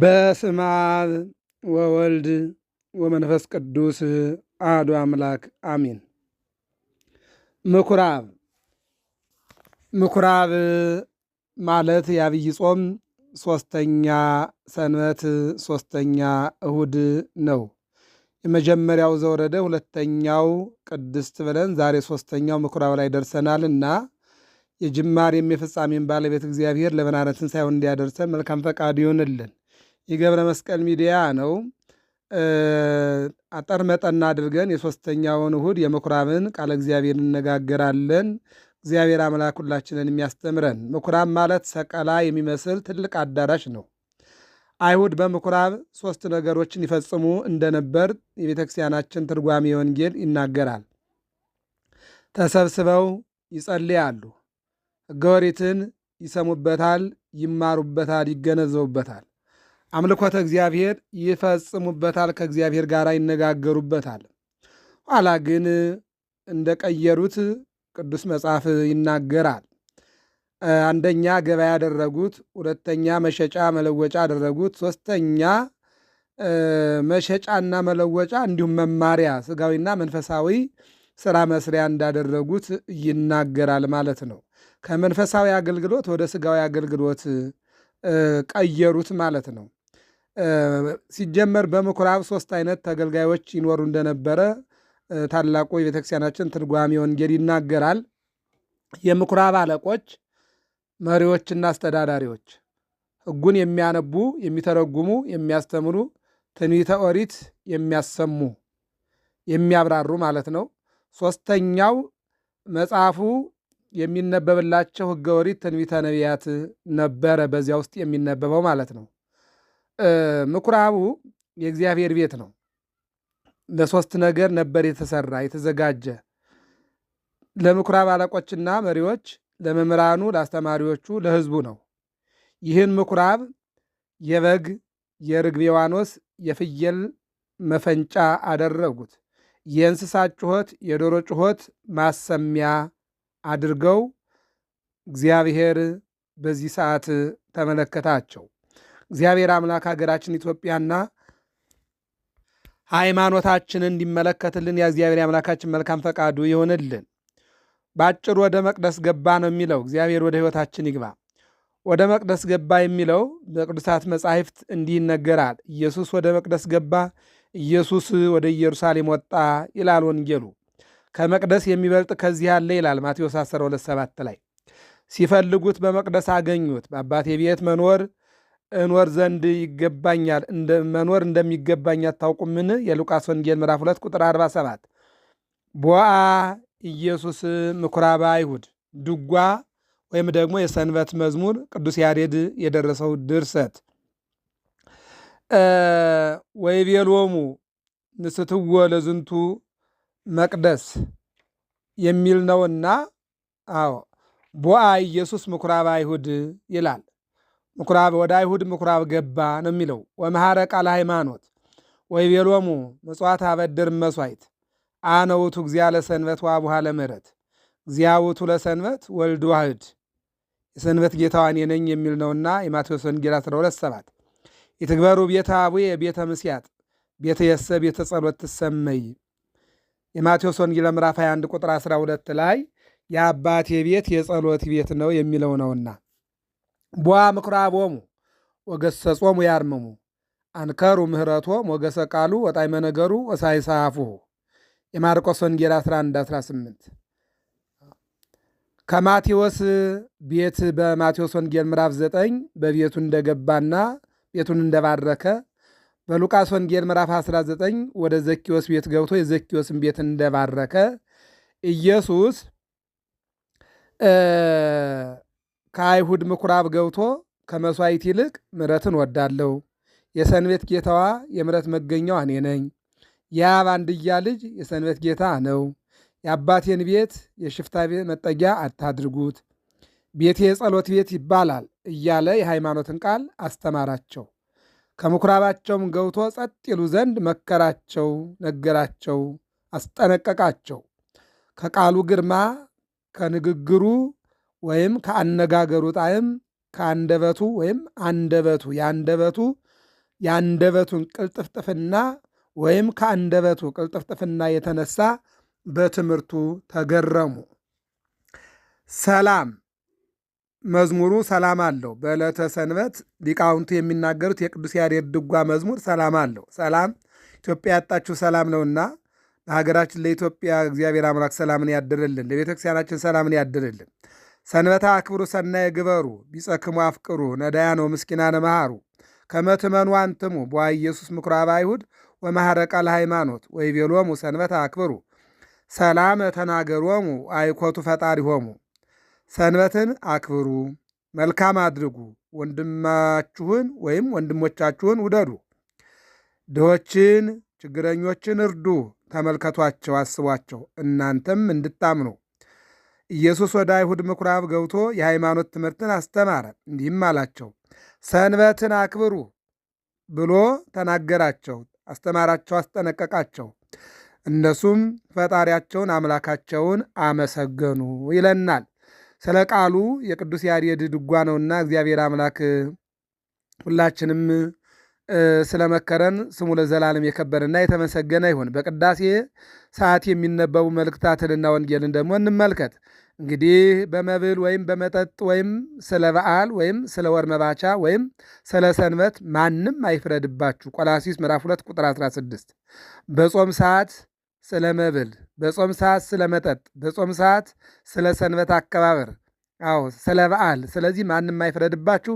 በስመ አብ ወወልድ ወመንፈስ ቅዱስ አሐዱ አምላክ አሚን። ምኩራብ ምኩራብ ማለት የአብይ ጾም ሶስተኛ ሰንበት ሶስተኛ እሁድ ነው። የመጀመሪያው ዘውረደ፣ ሁለተኛው ቅድስት ብለን ዛሬ ሶስተኛው ምኩራብ ላይ ደርሰናል እና የጅማሬም የፍጻሜም ባለቤት እግዚአብሔር ለመናነትን ሳይሆን እንዲያደርሰን መልካም ፈቃድ ይሆንልን። የገብረ መስቀል ሚዲያ ነው። አጠር መጠን አድርገን የሶስተኛውን እሁድ የምኩራብን ቃለ እግዚአብሔር እንነጋገራለን። እግዚአብሔር አምላክ ሁላችንን የሚያስተምረን። ምኩራብ ማለት ሰቀላ የሚመስል ትልቅ አዳራሽ ነው። አይሁድ በምኩራብ ሶስት ነገሮችን ይፈጽሙ እንደነበር የቤተ ክርስቲያናችን ትርጓሜ ወንጌል ይናገራል። ተሰብስበው ይጸልያሉ፣ ሕገ ኦሪትን ይሰሙበታል፣ ይማሩበታል፣ ይገነዘቡበታል። አምልኮተ እግዚአብሔር ይፈጽሙበታል፣ ከእግዚአብሔር ጋር ይነጋገሩበታል። ኋላ ግን እንደቀየሩት ቅዱስ መጽሐፍ ይናገራል። አንደኛ ገበያ ያደረጉት፣ ሁለተኛ መሸጫ መለወጫ አደረጉት፣ ሶስተኛ መሸጫና መለወጫ እንዲሁም መማሪያ ስጋዊና መንፈሳዊ ስራ መስሪያ እንዳደረጉት ይናገራል ማለት ነው። ከመንፈሳዊ አገልግሎት ወደ ስጋዊ አገልግሎት ቀየሩት ማለት ነው። ሲጀመር በምኩራብ ሶስት አይነት ተገልጋዮች ይኖሩ እንደነበረ ታላቁ የቤተክርስቲያናችን ትርጓሚ ወንጌል ይናገራል። የምኩራብ አለቆች፣ መሪዎችና አስተዳዳሪዎች፣ ሕጉን የሚያነቡ የሚተረጉሙ፣ የሚያስተምሩ፣ ትንቢተ ኦሪት የሚያሰሙ የሚያብራሩ ማለት ነው። ሶስተኛው መጽሐፉ የሚነበብላቸው ሕገ ኦሪት፣ ትንቢተ ነቢያት ነበረ በዚያ ውስጥ የሚነበበው ማለት ነው። ምኩራቡ የእግዚአብሔር ቤት ነው። ለሶስት ነገር ነበር የተሰራ የተዘጋጀ ለምኩራብ አለቆችና መሪዎች፣ ለመምህራኑ፣ ለአስተማሪዎቹ፣ ለህዝቡ ነው። ይህን ምኩራብ የበግ የርግብ ዋኖስ የፍየል መፈንጫ አደረጉት። የእንስሳት ጩኸት፣ የዶሮ ጩኸት ማሰሚያ አድርገው እግዚአብሔር በዚህ ሰዓት ተመለከታቸው። እግዚአብሔር አምላክ ሀገራችን ኢትዮጵያና ሃይማኖታችንን እንዲመለከትልን የእግዚአብሔር አምላካችን መልካም ፈቃዱ ይሆንልን። በአጭር ወደ መቅደስ ገባ ነው የሚለው። እግዚአብሔር ወደ ሕይወታችን ይግባ። ወደ መቅደስ ገባ የሚለው በቅዱሳት መጻሕፍት እንዲህ ይነገራል። ኢየሱስ ወደ መቅደስ ገባ፣ ኢየሱስ ወደ ኢየሩሳሌም ወጣ ይላል ወንጌሉ። ከመቅደስ የሚበልጥ ከዚህ አለ ይላል ማቴዎስ 127 ላይ ሲፈልጉት በመቅደስ አገኙት። በአባቴ ቤት መኖር እኖር ዘንድ ይገባኛል መኖር እንደሚገባኝ አታውቁምን? የሉቃስ ወንጌል ምዕራፍ 2 ቁጥር 47። ቦአ ኢየሱስ ምኩራባ አይሁድ ድጓ ወይም ደግሞ የሰንበት መዝሙር ቅዱስ ያሬድ የደረሰው ድርሰት ወይቤሎሙ ንስትዎ ለዝንቱ መቅደስ የሚል ነውና፣ አዎ ቦአ ኢየሱስ ምኩራባ አይሁድ ይላል። ምኩራብ ወደ አይሁድ ምኩራብ ገባ ነው የሚለው። ወመሃረ ቃለ ሃይማኖት ቤሎሙ ምጽዋት አበድር መሥዋዕት አነ ውእቱ እግዚአ ለሰንበት ወአቡሃ ለምሕረት እግዚአ ውእቱ ለሰንበት ወልድ ዋህድ የሰንበት ጌታዋን የነኝ የሚል ነውና የማቴዎስ ወንጌል 12 7 የትግበሩ ቤተ አቡየ ቤተ ምስያጥ ቤተ የሰ ቤተ ጸሎት ትሰመይ የማቴዎስ ወንጌል ምዕራፍ 21 ቁጥር 12 ላይ የአባቴ ቤት የጸሎት ቤት ነው የሚለው ነውና ቧ ምኵራቦሙ ወገሰጾሙ ያርምሙ አንከሩ ምህረቶም ወገሰ ቃሉ መነገሩ ነገሩ ሳፉሁ የማርቆስ ወንጌል 11 18 ከማቴዎስ ቤት በማቴዎስ ወንጌል ምዕራፍ 9 በቤቱ እንደገባና ቤቱን እንደባረከ በሉቃስ ወንጌል ምዕራፍ 19 ወደ ዘኪዎስ ቤት ገብቶ የዘኪዎስን ቤት እንደባረከ ኢየሱስ ከአይሁድ ምኩራብ ገብቶ ከመሥዋዕት ይልቅ ምረትን ወዳለሁ። የሰንበት ጌታዋ የምረት መገኛዋ እኔ ነኝ። የአብ አንድያ ልጅ የሰንበት ጌታ ነው። የአባቴን ቤት የሽፍታ መጠጊያ አታድርጉት፣ ቤቴ የጸሎት ቤት ይባላል እያለ የሃይማኖትን ቃል አስተማራቸው። ከምኩራባቸውም ገብቶ ጸጥ ይሉ ዘንድ መከራቸው፣ ነገራቸው፣ አስጠነቀቃቸው። ከቃሉ ግርማ ከንግግሩ ወይም ከአነጋገሩ ጣዕም ከአንደበቱ ወይም አንደበቱ የአንደበቱ የአንደበቱን ቅልጥፍጥፍና ወይም ከአንደበቱ ቅልጥፍጥፍና የተነሳ በትምህርቱ ተገረሙ። ሰላም መዝሙሩ ሰላም አለው። በዕለተ ሰንበት ሊቃውንቱ የሚናገሩት የቅዱስ ያሬድ ድጓ መዝሙር ሰላም አለው። ሰላም ኢትዮጵያ ያጣችው ሰላም ነውና ለሀገራችን ለኢትዮጵያ እግዚአብሔር አምላክ ሰላምን ያድርልን፣ ለቤተክርስቲያናችን ሰላምን ያድርልን። ሰንበታ አክብሩ ሰናየ ግበሩ ቢጸክሙ አፍቅሩ ነዳያኖ ምስኪናነ መሃሩ ከመ ትመኑ አንትሙ በዋ ኢየሱስ ምኩራብ አይሁድ ወመሐረ ቃል ሃይማኖት ወይ ወይቤሎሙ ሰንበታ አክብሩ ሰላመ ተናገሮሙ አይኮቱ ሆሙ ሰንበትን አክብሩ፣ መልካም አድርጉ፣ ወንድማችሁን ወይም ወንድሞቻችሁን ውደዱ፣ ድሆችን ችግረኞችን እርዱ፣ ተመልከቷቸው፣ አስቧቸው እናንተም እንድታምኑ ኢየሱስ ወደ አይሁድ ምኩራብ ገብቶ የሃይማኖት ትምህርትን አስተማረ። እንዲህም አላቸው፣ ሰንበትን አክብሩ ብሎ ተናገራቸው፣ አስተማራቸው፣ አስጠነቀቃቸው። እነሱም ፈጣሪያቸውን አምላካቸውን አመሰገኑ ይለናል። ስለ ቃሉ የቅዱስ ያሬድ ድጓ ነውና እግዚአብሔር አምላክ ሁላችንም ስለመከረን ስሙ ለዘላለም የከበረና የተመሰገነ ይሁን። በቅዳሴ ሰዓት የሚነበቡ መልእክታትንና ወንጌልን ደግሞ እንመልከት። እንግዲህ በመብል ወይም በመጠጥ ወይም ስለ በዓል ወይም ስለ ወር መባቻ ወይም ስለ ሰንበት ማንም አይፍረድባችሁ። ቆላሲስ ምዕራፍ 2 ቁጥር 16። በጾም ሰዓት ስለ መብል፣ በጾም ሰዓት ስለ መጠጥ፣ በጾም ሰዓት ስለ ሰንበት አከባበር፣ አዎ ስለ በዓል። ስለዚህ ማንም አይፍረድባችሁ።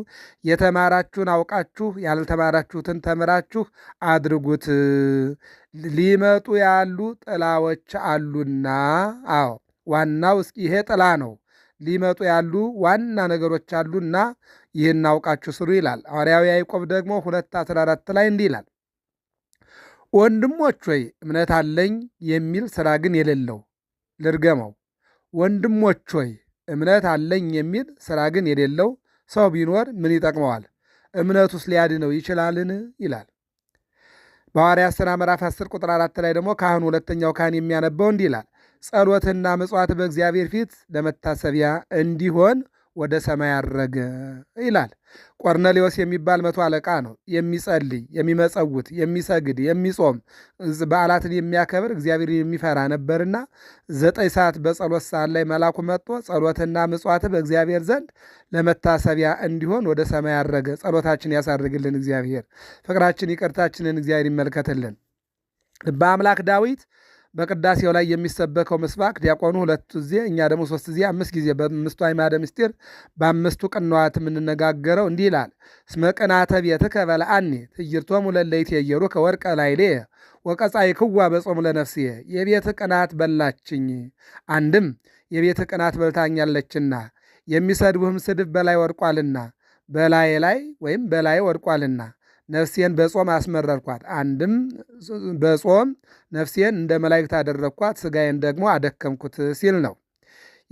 የተማራችሁን አውቃችሁ ያልተማራችሁትን ተምራችሁ አድርጉት። ሊመጡ ያሉ ጥላዎች አሉና። አዎ ዋናው እስኪ ይሄ ጥላ ነው ሊመጡ ያሉ ዋና ነገሮች አሉና ይህን አውቃችሁ ስሩ ይላል። ሐዋርያው ያዕቆብ ደግሞ ሁለት አስራ አራት ላይ እንዲህ ይላል፣ ወንድሞች ሆይ እምነት አለኝ የሚል ስራ ግን የሌለው ልርገመው። ወንድሞች ሆይ እምነት አለኝ የሚል ስራ ግን የሌለው ሰው ቢኖር ምን ይጠቅመዋል? እምነቱስ ሊያድነው ይችላልን? ይላል። በሐዋርያት ሥራ ምዕራፍ 10 ቁጥር 4 ላይ ደግሞ ካህኑ ሁለተኛው ካህን የሚያነበው እንዲህ ይላል ጸሎትና ምጽዋት በእግዚአብሔር ፊት ለመታሰቢያ እንዲሆን ወደ ሰማይ አረገ ይላል። ቆርኔሌዎስ የሚባል መቶ አለቃ ነው። የሚጸልይ፣ የሚመጸውት፣ የሚሰግድ፣ የሚጾም፣ በዓላትን የሚያከብር እግዚአብሔር የሚፈራ ነበርና ዘጠኝ ሰዓት በጸሎት ሰዓት ላይ መላኩ መጥቶ ጸሎትና ምጽዋት በእግዚአብሔር ዘንድ ለመታሰቢያ እንዲሆን ወደ ሰማይ አረገ። ጸሎታችን ያሳርግልን እግዚአብሔር፣ ፍቅራችን ይቅርታችንን እግዚአብሔር ይመልከትልን። በአምላክ ዳዊት በቅዳሴው ላይ የሚሰበከው ምስባክ ዲያቆኑ ሁለት ጊዜ እኛ ደግሞ ሶስት ጊዜ አምስት ጊዜ በአምስቱ አዕማደ ምስጢር በአምስቱ ቅንዋት የምንነጋገረው እንዲህ ይላል። እስመ ቅናተ ቤትከ በልዐኒ ትዕይርቶሙ ለእለ ይትዔየሩከ ወርቀ ላዕሌየ ወቀጻእኩዋ በጾም ለነፍስየ። የቤት ቅናት በላችኝ፣ አንድም የቤት ቅናት በልታኛለችና የሚሰድቡህም ስድብ በላይ ወድቋልና በላዬ ላይ ወይም በላዬ ወድቋልና ነፍሴን በጾም አስመረርኳት። አንድም በጾም ነፍሴን እንደ መላእክት አደረግኳት፣ ስጋዬን ደግሞ አደከምኩት ሲል ነው።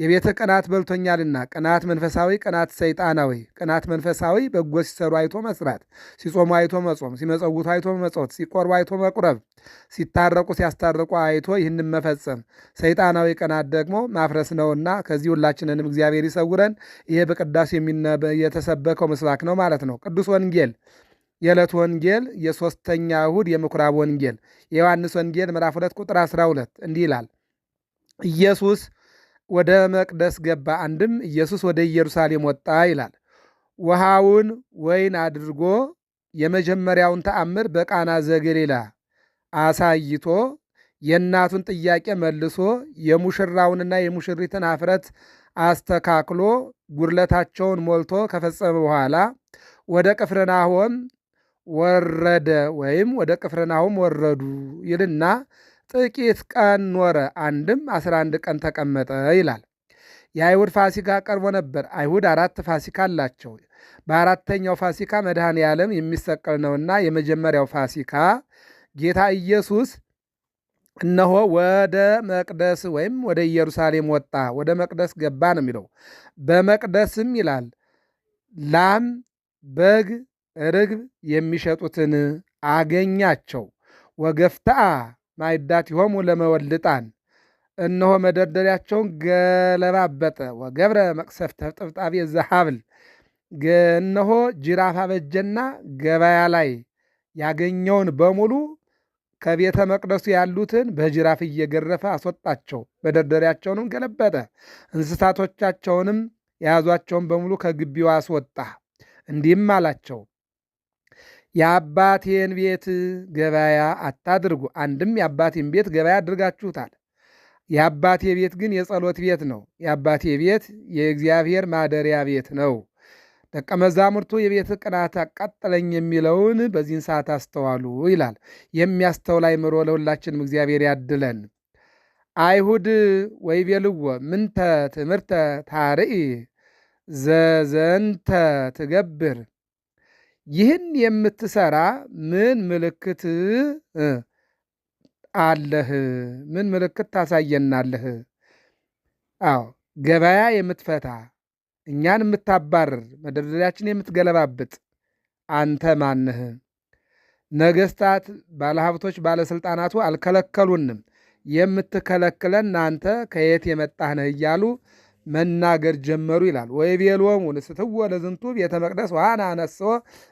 የቤተ ቅናት በልቶኛልና። ቅናት መንፈሳዊ፣ ቅናት ሰይጣናዊ። ቅናት መንፈሳዊ በጎ ሲሰሩ አይቶ መስራት፣ ሲጾሙ አይቶ መጾም፣ ሲመጸውቱ አይቶ መጾት፣ ሲቆርቡ አይቶ መቁረብ፣ ሲታረቁ ሲያስታርቁ አይቶ ይህንም መፈጸም። ሰይጣናዊ ቅናት ደግሞ ማፍረስ ነውና ከዚህ ሁላችንንም እግዚአብሔር ይሰውረን። ይሄ በቅዳሴ የተሰበከው ምስባክ ነው ማለት ነው። ቅዱስ ወንጌል የዕለት ወንጌል የሦስተኛ እሁድ የምኩራብ ወንጌል የዮሐንስ ወንጌል ምዕራፍ 2 ቁጥር 12 እንዲህ ይላል። ኢየሱስ ወደ መቅደስ ገባ፣ አንድም ኢየሱስ ወደ ኢየሩሳሌም ወጣ ይላል። ውሃውን ወይን አድርጎ የመጀመሪያውን ተአምር በቃና ዘገሊላ አሳይቶ የእናቱን ጥያቄ መልሶ የሙሽራውንና የሙሽሪትን አፍረት አስተካክሎ ጉድለታቸውን ሞልቶ ከፈጸመ በኋላ ወደ ቅፍርናሆም ወረደ ወይም ወደ ቅፍርናሆም ወረዱ ይልና ጥቂት ቀን ኖረ፣ አንድም አስራ አንድ ቀን ተቀመጠ ይላል። የአይሁድ ፋሲካ ቀርቦ ነበር። አይሁድ አራት ፋሲካ አላቸው። በአራተኛው ፋሲካ መድኃኔ ዓለም የሚሰቀል ነውና የመጀመሪያው ፋሲካ ጌታ ኢየሱስ እነሆ ወደ መቅደስ ወይም ወደ ኢየሩሳሌም ወጣ፣ ወደ መቅደስ ገባ ነው የሚለው። በመቅደስም ይላል ላም፣ በግ፣ ርግብ የሚሸጡትን አገኛቸው። ወገፍታአ ማይዳቲሆሙ ለመወልጣን እነሆ መደርደሪያቸውን ገለባበጠ። ወገብረ መቅሰፍተ ጥብጣቤ ዘሐብል እነሆ ጅራፍ አበጀና ገበያ ላይ ያገኘውን በሙሉ ከቤተ መቅደሱ ያሉትን በጅራፍ እየገረፈ አስወጣቸው። መደርደሪያቸውንም ገለበጠ። እንስሳቶቻቸውንም የያዟቸውን በሙሉ ከግቢው አስወጣ። እንዲህም አላቸው፣ የአባቴን ቤት ገበያ አታድርጉ። አንድም የአባቴን ቤት ገበያ አድርጋችሁታል። የአባቴ ቤት ግን የጸሎት ቤት ነው። የአባቴ ቤት የእግዚአብሔር ማደሪያ ቤት ነው። ደቀ መዛሙርቱ የቤት ቅናት አቃጠለኝ የሚለውን በዚህን ሰዓት አስተዋሉ ይላል። የሚያስተውል አእምሮ ለሁላችንም እግዚአብሔር ያድለን። አይሁድ ወይ ቤልዎ ምንተ ትምህርተ ታርኢ ዘዘንተ ትገብር ይህን የምትሰራ ምን ምልክት አለህ? ምን ምልክት ታሳየናለህ? አዎ ገበያ የምትፈታ እኛን የምታባርር መደርደሪያችን የምትገለባብጥ አንተ ማንህ? ነገስታት፣ ባለሀብቶች፣ ባለስልጣናቱ አልከለከሉንም። የምትከለክለን አንተ ከየት የመጣህ ነህ? እያሉ መናገር ጀመሩ ይላል። ወይቤሎሙ ንስትዎ ለዝንቱ ቤተ መቅደስ ዋና አነስዎ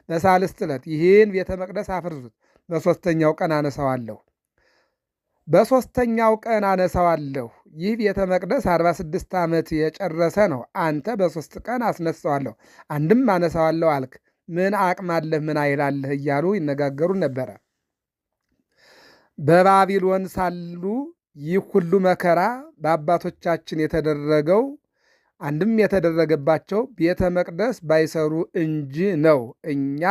በሳልስት ዕለት፣ ይህን ቤተ መቅደስ አፍርሱት፣ በሦስተኛው ቀን አነሳዋለሁ፣ በሦስተኛው ቀን አነሳዋለሁ። ይህ ቤተ መቅደስ 46 ዓመት የጨረሰ ነው። አንተ በሦስት ቀን አስነሳዋለሁ፣ አንድም አነሳዋለሁ አልክ። ምን አቅም አለህ? ምን አይላለህ? እያሉ ይነጋገሩ ነበረ። በባቢሎን ሳሉ ይህ ሁሉ መከራ በአባቶቻችን የተደረገው አንድም የተደረገባቸው ቤተ መቅደስ ባይሰሩ እንጂ ነው። እኛ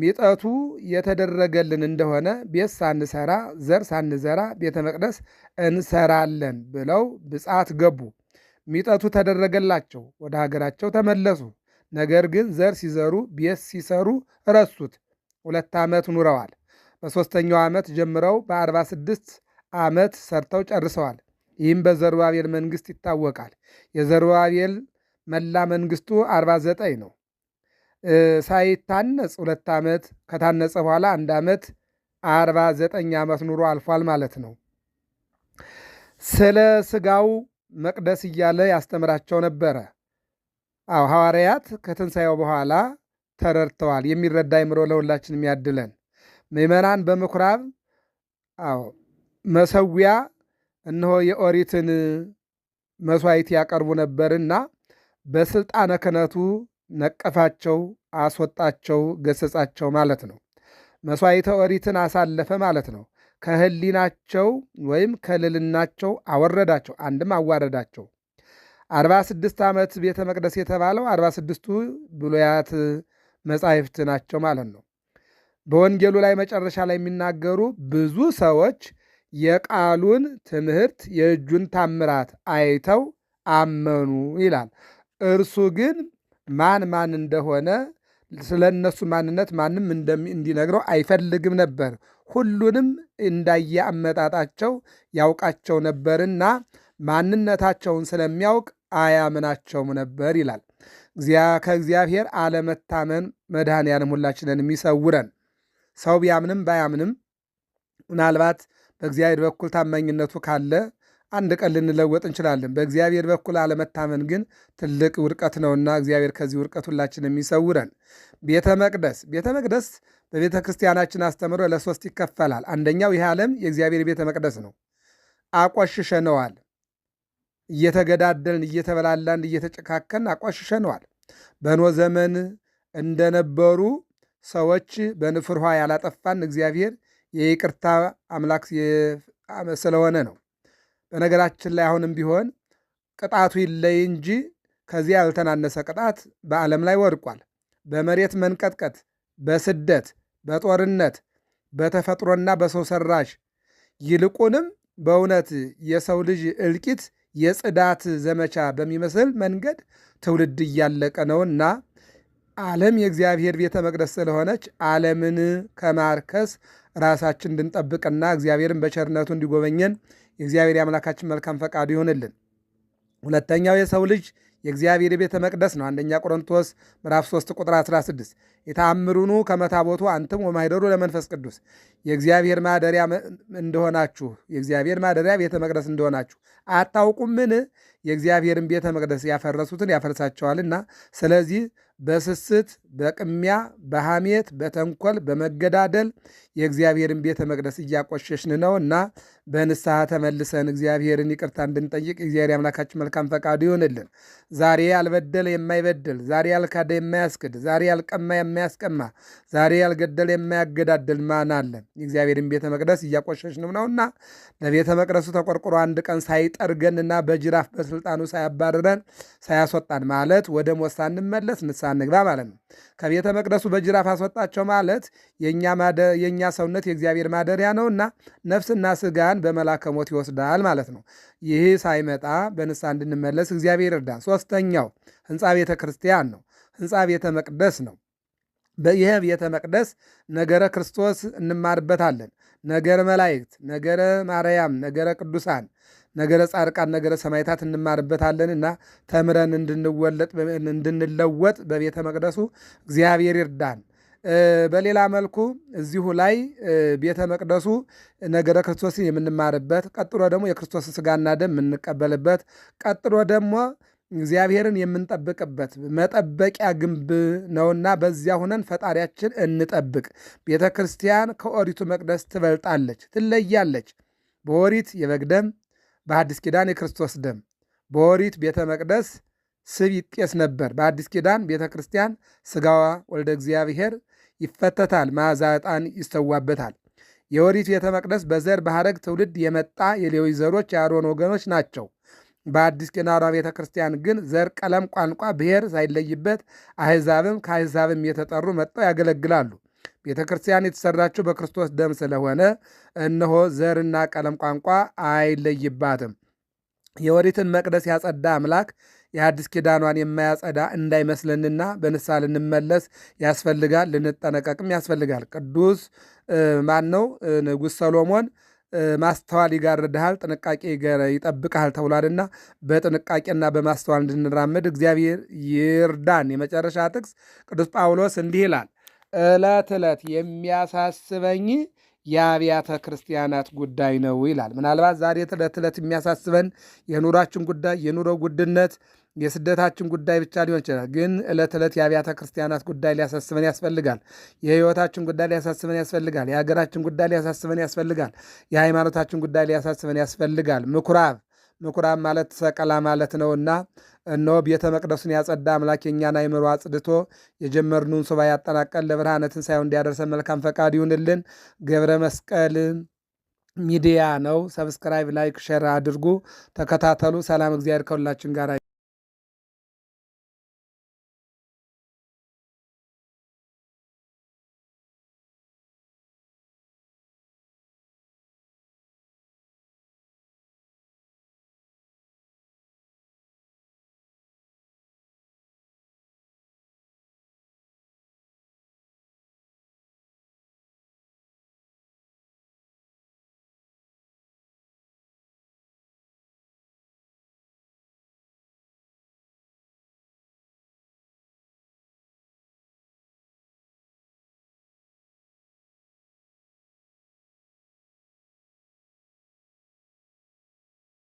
ሚጠቱ የተደረገልን እንደሆነ ቤት ሳንሰራ ዘር ሳንዘራ ቤተ መቅደስ እንሰራለን ብለው ብጻት ገቡ። ሚጠቱ ተደረገላቸው፣ ወደ ሀገራቸው ተመለሱ። ነገር ግን ዘር ሲዘሩ ቤት ሲሰሩ ረሱት። ሁለት ዓመት ኑረዋል። በሦስተኛው ዓመት ጀምረው በአርባ ስድስት ዓመት ሰርተው ጨርሰዋል። ይህም በዘሩባቤል መንግሥት ይታወቃል። የዘሩባቤል መላ መንግሥቱ 49 ነው። ሳይታነጽ ሁለት ዓመት ከታነጸ በኋላ አንድ ዓመት 49 ዓመት ኑሮ አልፏል ማለት ነው። ስለ ሥጋው መቅደስ እያለ ያስተምራቸው ነበረ። አዎ ሐዋርያት ከትንሣኤው በኋላ ተረድተዋል። የሚረዳ አይምሮ ለሁላችን የሚያድለን ምእመናን በምኩራብ አዎ መሰዊያ እነሆ የኦሪትን መሥዋዕት ያቀርቡ ነበርና በስልጣነ ክህነቱ ነቀፋቸው፣ አስወጣቸው፣ ገሰጻቸው ማለት ነው። መሥዋዕተ ኦሪትን አሳለፈ ማለት ነው። ከህሊናቸው ወይም ከልልናቸው አወረዳቸው፣ አንድም አዋረዳቸው። አርባ ስድስት ዓመት ቤተ መቅደስ የተባለው አርባ ስድስቱ ብሉያት መጻሕፍት ናቸው ማለት ነው። በወንጌሉ ላይ መጨረሻ ላይ የሚናገሩ ብዙ ሰዎች የቃሉን ትምህርት የእጁን ታምራት አይተው አመኑ ይላል። እርሱ ግን ማን ማን እንደሆነ ስለ እነሱ ማንነት ማንም እንዲነግረው አይፈልግም ነበር። ሁሉንም እንዳየ አመጣጣቸው ያውቃቸው ነበርና ማንነታቸውን ስለሚያውቅ አያምናቸውም ነበር ይላል። ከእግዚአብሔር አለመታመን መድኃኔ ዓለም ሁላችንን የሚሰውረን ሰው ቢያምንም ባያምንም ምናልባት በእግዚአብሔር በኩል ታማኝነቱ ካለ አንድ ቀን ልንለወጥ እንችላለን። በእግዚአብሔር በኩል አለመታመን ግን ትልቅ ውድቀት ነውና እግዚአብሔር ከዚህ ውድቀት ሁላችን የሚሰውረን። ቤተ መቅደስ ቤተ መቅደስ በቤተ ክርስቲያናችን አስተምሮ ለሶስት ይከፈላል። አንደኛው ይህ ዓለም የእግዚአብሔር ቤተ መቅደስ ነው። አቆሽሸነዋል። እየተገዳደልን፣ እየተበላላን፣ እየተጨካከን አቆሽሸነዋል። በኖ ዘመን እንደነበሩ ሰዎች በንፍር ውሃ ያላጠፋን እግዚአብሔር የይቅርታ አምላክ ስለሆነ ነው። በነገራችን ላይ አሁንም ቢሆን ቅጣቱ ይለይ እንጂ ከዚህ ያልተናነሰ ቅጣት በዓለም ላይ ወድቋል። በመሬት መንቀጥቀጥ፣ በስደት፣ በጦርነት፣ በተፈጥሮና በሰው ሰራሽ ይልቁንም በእውነት የሰው ልጅ እልቂት የጽዳት ዘመቻ በሚመስል መንገድ ትውልድ እያለቀ ነውና ዓለም የእግዚአብሔር ቤተ መቅደስ ስለሆነች ዓለምን ከማርከስ ራሳችን እንድንጠብቅና እግዚአብሔርን በቸርነቱ እንዲጎበኘን የእግዚአብሔር የአምላካችን መልካም ፈቃዱ ይሆንልን። ሁለተኛው የሰው ልጅ የእግዚአብሔር ቤተ መቅደስ ነው። አንደኛ ቆሮንቶስ ምዕራፍ 3 ቁጥር 16 የተአምሩኑ ከመታቦቱ አንትም ወማይደሩ ለመንፈስ ቅዱስ የእግዚአብሔር ማደሪያ እንደሆናችሁ የእግዚአብሔር ማደሪያ ቤተ መቅደስ እንደሆናችሁ አታውቁምን? የእግዚአብሔርን ቤተ መቅደስ ያፈረሱትን ያፈርሳቸዋልና ስለዚህ በስስት በቅሚያ በሐሜት በተንኮል በመገዳደል የእግዚአብሔርን ቤተ መቅደስ እያቆሸሽን ነው እና በንስሐ ተመልሰን እግዚአብሔርን ይቅርታ እንድንጠይቅ እግዚአብሔር አምላካችን መልካም ፈቃዱ ይሆንልን። ዛሬ ያልበደለ የማይበድል፣ ዛሬ ያልካደ የማያስክድ፣ ዛሬ ያልቀማ የማያስቀማ፣ ዛሬ ያልገደለ የማያገዳደል ማን አለ? የእግዚአብሔርን ቤተ መቅደስ እያቆሸሽንም ነው እና ለቤተ መቅደሱ ተቆርቁሮ አንድ ቀን ሳይጠርገንና በጅራፍ በት ከስልጣኑ ሳያባርረን ሳያስወጣን ማለት ወደ ሞት ሳንመለስ ንስሐ እንግባ ማለት ነው። ከቤተ መቅደሱ በጅራፍ አስወጣቸው ማለት የእኛ ሰውነት የእግዚአብሔር ማደሪያ ነውና ነፍስና ስጋን በመላከ ሞት ይወስዳል ማለት ነው። ይህ ሳይመጣ በንስሐ እንድንመለስ እግዚአብሔር ይርዳን። ሶስተኛው ህንፃ ቤተ ክርስቲያን ነው። ህንፃ ቤተ መቅደስ ነው። ይህ ቤተ መቅደስ ነገረ ክርስቶስ እንማርበታለን። ነገረ መላእክት፣ ነገረ ማርያም፣ ነገረ ቅዱሳን ነገረ ጻድቃን ነገረ ሰማይታት እንማርበታለን እና ተምረን እንድንለወጥ በቤተ መቅደሱ እግዚአብሔር ይርዳን። በሌላ መልኩ እዚሁ ላይ ቤተ መቅደሱ ነገረ ክርስቶስን የምንማርበት፣ ቀጥሎ ደግሞ የክርስቶስ ስጋና ደም የምንቀበልበት፣ ቀጥሎ ደግሞ እግዚአብሔርን የምንጠብቅበት መጠበቂያ ግንብ ነውና በዚያ ሁነን ፈጣሪያችን እንጠብቅ። ቤተ ክርስቲያን ከኦሪቱ መቅደስ ትበልጣለች፣ ትለያለች። በኦሪት የበግ ደም በአዲስ ኪዳን የክርስቶስ ደም፣ በኦሪት ቤተ መቅደስ ስብ ይጤስ ነበር። በአዲስ ኪዳን ቤተ ክርስቲያን ስጋዋ ወልደ እግዚአብሔር ይፈተታል፣ መዓዛ ዕጣን ይሰዋበታል። የኦሪት ቤተ መቅደስ በዘር በሐረግ ትውልድ የመጣ የሌዊ ዘሮች የአሮን ወገኖች ናቸው። በአዲስ ኪዳኗ ቤተ ክርስቲያን ግን ዘር፣ ቀለም፣ ቋንቋ፣ ብሔር ሳይለይበት አሕዛብም ከአሕዛብም የተጠሩ መጥተው ያገለግላሉ። ቤተ ክርስቲያን የተሰራችው በክርስቶስ ደም ስለሆነ እነሆ ዘርና ቀለም፣ ቋንቋ አይለይባትም። የወሪትን መቅደስ ያጸዳ አምላክ የአዲስ ኪዳኗን የማያጸዳ እንዳይመስልንና በንስሐ ልንመለስ ያስፈልጋል፣ ልንጠነቀቅም ያስፈልጋል። ቅዱስ ማን ነው? ንጉሥ ሰሎሞን ማስተዋል ይጋርድሃል፣ ጥንቃቄ ይጠብቅሃል ተብሏልና በጥንቃቄና በማስተዋል እንድንራመድ እግዚአብሔር ይርዳን። የመጨረሻ ጥቅስ ቅዱስ ጳውሎስ እንዲህ ይላል ዕለት ዕለት የሚያሳስበኝ የአብያተ ክርስቲያናት ጉዳይ ነው ይላል። ምናልባት ዛሬ ዕለት ዕለት የሚያሳስበን የኑሯችን ጉዳይ፣ የኑሮ ውድነት፣ የስደታችን ጉዳይ ብቻ ሊሆን ይችላል። ግን ዕለት ዕለት የአብያተ ክርስቲያናት ጉዳይ ሊያሳስበን ያስፈልጋል። የሕይወታችን ጉዳይ ሊያሳስበን ያስፈልጋል። የሀገራችን ጉዳይ ሊያሳስበን ያስፈልጋል። የሃይማኖታችን ጉዳይ ሊያሳስበን ያስፈልጋል። ምኩራብ ምኩራብ ማለት ሰቀላ ማለት ነውና እነሆ ቤተ መቅደሱን ያጸዳ አምላክ የእኛን አእምሮ አጽድቶ የጀመርኑን ሱባ ያጠናቀል ለብርሃነ ትንሣኤው እንዲያደርሰ መልካም ፈቃድ ይሁንልን። ገብረ መስቀል ሚዲያ ነው። ሰብስክራይብ፣ ላይክ፣ ሸር አድርጉ። ተከታተሉ። ሰላም፣ እግዚአብሔር ከሁላችን ጋር